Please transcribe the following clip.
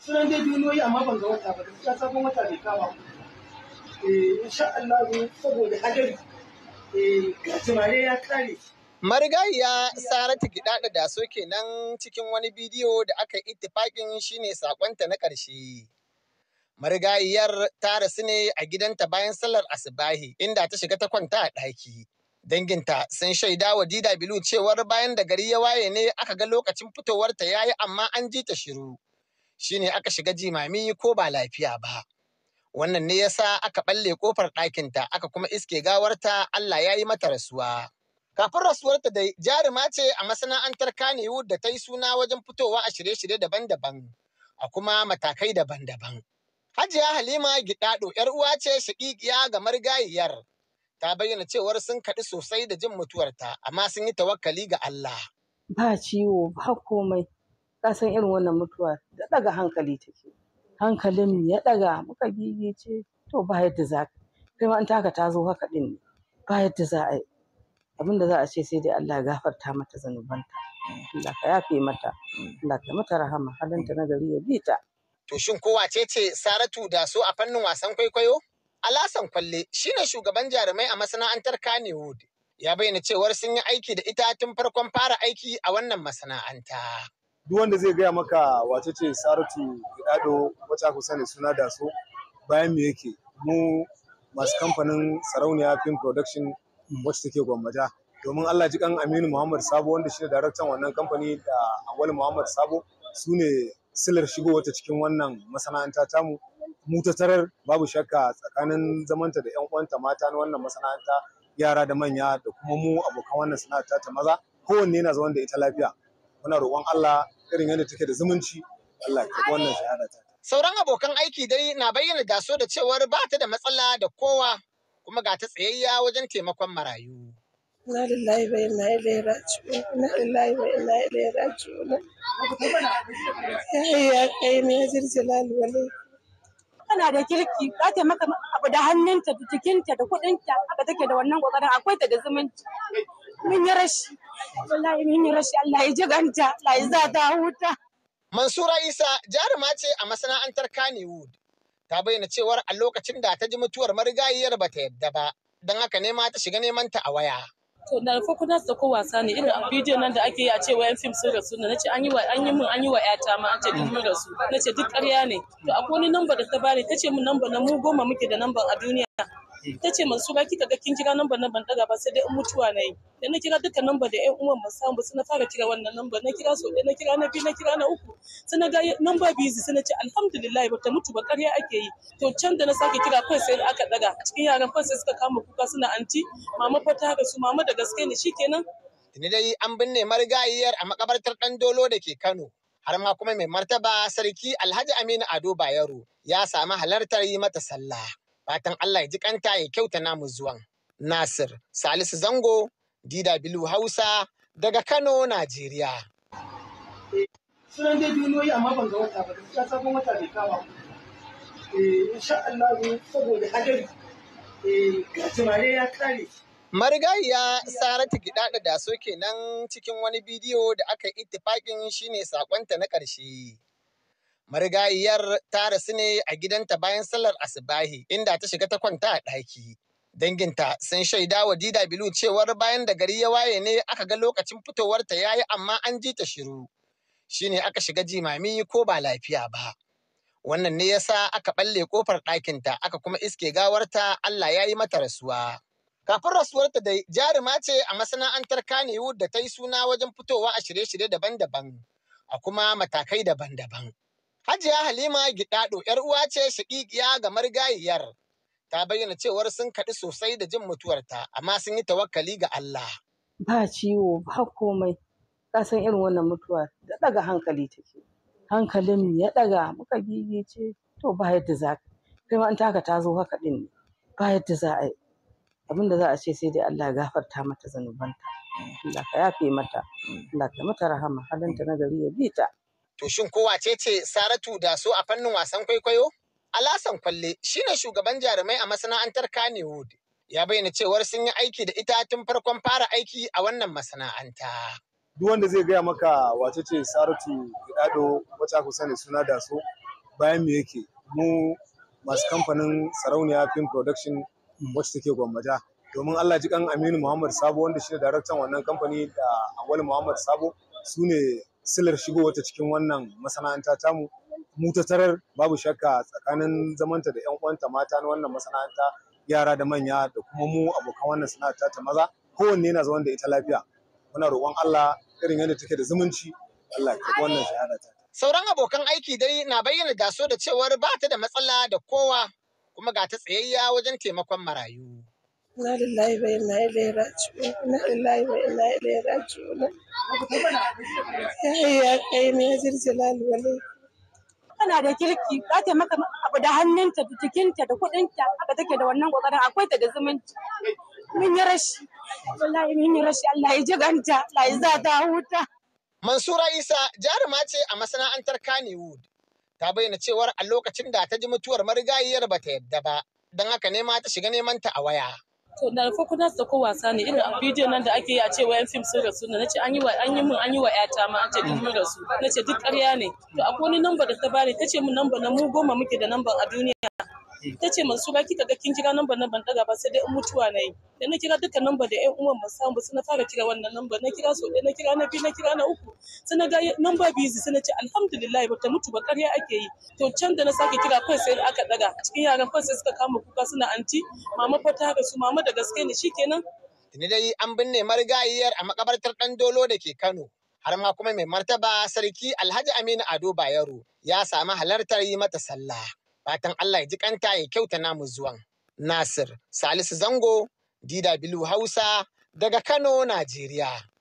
sunan eh, ya kare Marigayiya Saratu Gidada da so kenan cikin wani bidiyo da aka yi ittifaƙin shine sakonta na ƙarshe. Marigayiyar ta rasu ne a gidanta bayan sallar asubahi inda ta shiga ta kwanta a ɗaki. Danginta sun shaida wa DW cewar bayan da gari ya waye ne aka ga lokacin fitowarta yi amma an ji ta shiru. shine aka shiga jimami ko ba lafiya ba. Wannan ne yasa aka ɓalle ƙofar ɗakinta aka kuma iske gawarta Allah ya yi mata rasuwa. Kafin rasuwarta da jaruma ce a masana'antar kanewood da ta yi suna wajen fitowa a shirye-shirye daban-daban, a kuma matakai daban-daban. Hajiya Halima Gidaɗo ‘yar uwa ce shaƙiƙiya ga marigayiyar. Ta bayyana cewar sun kaɗi sosai da jin mutuwarta, amma sun yi tawakkali ga Allah. Ba ciwo, ba komai. ka san irin wannan mutuwa da ɗaga hankali take hankalin ya ɗaga muka gigice to ba yadda za ka kai ma an taka ta zo haka ɗin ne ba yadda za a yi abin da za a ce sai dai Allah ya gafarta mata zanubanta Allah ka yafe mata Allah ka mata rahama halinta na gari ya bi ta to shin ko wace ce Saratu da su a fannin wasan kwaikwayo Alasan Kwalle shine shugaban jarumai a masana'antar Kanewood ya bayyana cewar sun yi aiki da ita tun farkon fara aiki a wannan masana'anta. duk wanda zai gaya maka wace ce saratu gidado wacce aka sani suna da so bayan me yake mu masu kamfanin sarauniya film production wacce take gwammaja domin allah ji kan aminu muhammad sabo wanda shi ne daraktan wannan kamfani da awal muhammad sabo su ne silar shigo wata cikin wannan masana'anta tamu mu ta tarar babu shakka tsakanin zamanta da yan uwanta mata na wannan masana'anta yara da manya da kuma mu abokan wannan sana'ar ta maza kowanne yana zaman da ita lafiya muna roƙon allah irin yadda take da zumunci Allah ka wannan shahada ta sauran abokan aiki dai na bayyana daso da cewar ba ta da matsala da kowa kuma ga ta tsayayya wajen taimakon marayu Na lillahi wa inna ilaihi raji'un. Na lillahi na ya lera raji'un. Ya ya kai ne zirjilal walai. Tana da kirki, za ta maka abu da hannunta, da jikinta, da kuɗinta, haka take da wannan kokarin akwai ta da zumunci. Mun yi rashi. wallahi ni Allah ya jiganta Allah za ta huta Mansura Isa jaruma ce a masana'antar Kannywood ta bayyana cewar a lokacin da ta ji mutuwar marigayiyar ba ta yadda ba don haka ne ta shiga neman ta a waya to na da kuna na ko wasa ne irin bidiyon nan da ake yi a ce wayan fim sun rasu na nace an yi wa an yi min an yi yata ma an ce duk mun rasu nace duk ƙarya ne to akwai wani namba da ta bani tace mun namba na mu goma muke da number a duniya ta ce mansura kika ga kin kira namba na ban daga ba sai dai in mutuwa na yi da na kira duka namba da yan uwan ban samu na fara kira wannan namba na kira so na kira na biyu na kira na uku sai na ga namba busy sai ce alhamdulillah ba ta mutu ba ƙarya ake yi to can da na sake kira kai sai aka daga cikin yaran kai sai suka kama kuka suna anti mama fa ta su mama da gaske ne shikenan ni dai an binne marigayiyar a makabartar dan dolo da ke Kano. har ma kuma mai martaba sarki Alhaji Aminu Ado Bayero ya sami halartar yi mata sallah. Fatan Allah ya ji kanta ya kyauta namu zuwan. Nasir Salisu Zango, DW Hausa daga Kano, Najeriya. Sunan dai duniyoyi amma ban ga wata ba, ta sabon wata bai kama. Eh, insha Allah saboda hadari. Eh, gajimare ya kare. Marigayya Saratu Gidaɗa da so kenan cikin wani bidiyo da aka yi ittifaƙin shine sakonta na ƙarshe. Marigayiyar ta rasu ne a gidanta bayan sallar Asibahi inda ta shiga ta kwanta a ɗaki. Danginta sun shaida wa DW cewar bayan da gari ya waye ne aka ga lokacin fitowarta ya yi amma an ji ta shiru. Shi ne aka shiga jimami ko ba lafiya ba. Wannan ne yasa aka ɓalle ƙofar ɗakinta aka kuma iske gawarta Allah ya yi mata rasuwa. Kafin rasuwarta dai, jaruma ce a masana'antar kanewood da ta yi suna wajen fitowa a shirye-shirye daban-daban, a kuma matakai daban-daban. Hajiya Halima Gidado ‘yar uwa ce shaƙiƙiya ga marigayiyar. Ta bayyana cewar sun kaɗi sosai da jin mutuwarta, amma sun yi tawakkali ga Allah. Ba ciwo, ba komai. Ka san irin wannan mutuwa da ɗaga hankali take. Hankalin ya ɗaga muka gigice to ba yadda za ka. Kai ma in taka ta zo haka ɗin ne. Ba yadda za a yi. Abin da za a ce sai dai Allah ya gafarta mata zanubanta. Mm. Allah ka yafe mata. Mm. Allah ka mata rahama halinta na gari ya bi ta. To shin ko wacece ce Saratu da so a fannin wasan kwaikwayo? Alasan Kwalle shine shugaban jarumai a masana'antar Kanewood. Ya bayyana cewar sun yi aiki da ita tun farkon fara aiki a wannan masana'anta. Duk wanda zai gaya maka wace ce Saratu Gidado wacce ku sani suna da so bayan me yake mu masu kamfanin Sarauniya Film Production wacce take gwammaja. Domin Allah ji kan Aminu Muhammad Sabo wanda shi daraktan wannan kamfani da Awal Muhammad Sabo su ne silar shigo wata cikin wannan masana'anta tamu mu ta tarar babu shakka tsakanin zamanta da yan uwanta mata na wannan masana'anta yara da manya da kuma mu abokan wannan sana'ata ta maza kowanne yana zaune da ita lafiya muna roƙon Allah irin yadda take da zumunci Allah ya wannan shahada ta sauran abokan aiki dai na bayyana gaso da cewar ba ta da matsala da kowa kuma ga ta tsayayya wajen taimakon marayu inna lillahi wa inna ilaihi raji'un inna lillahi wa inna ilaihi raji'un yayi ya kai ne ya jirjilal wali tana da kirki za ta maka abu da hannunta da jikinta da kudinta haka take da wannan kokarin akwai ta da zumunci mun yi rashi wallahi mun yi rashi Allah ya jiganta Allah ya za ta huta Mansura Isa jaruma ce a masana'antar Kannywood. Ta bayyana cewar a lokacin da ta ji mutuwar marigayiyar ba ta yadda ba, don haka ne ma ta shiga neman ta a waya. to da farko ko wasa ne irin bidiyon nan da ake yi a ce wayan fim sun rasu na ce an yi wa an yi mun an yi wa yata ma an ce duk mun rasu na ce duk ƙarya ne to akwai wani number da ta bani ta ce min na mu goma muke da number a duniya ta ce mansura kika ga kin kira namba na ban daga ba sai dai in mutuwa na yi da na kira duka namba da yan uwan ban samu sai na fara kira wannan namba na kira so na kira na biyu na kira na uku sai na ga namba sai na ce alhamdulillah bata mutu ba ƙarya ake yi to can da na sake kira kai sai aka daga cikin yaran kai sai suka kama kuka suna anti mama fa ta su mama da gaske ne shikenan ni dai an binne marigayiyar a makabartar dan dolo da ke Kano. Har ma kuma mai martaba sarki Alhaji Aminu Ado Bayero ya sami halartar yi mata sallah. Fatan Allah ya ji kanta ya kyauta namu zuwan. Nasir Salisu Zango, DW Hausa, daga Kano, Najeriya.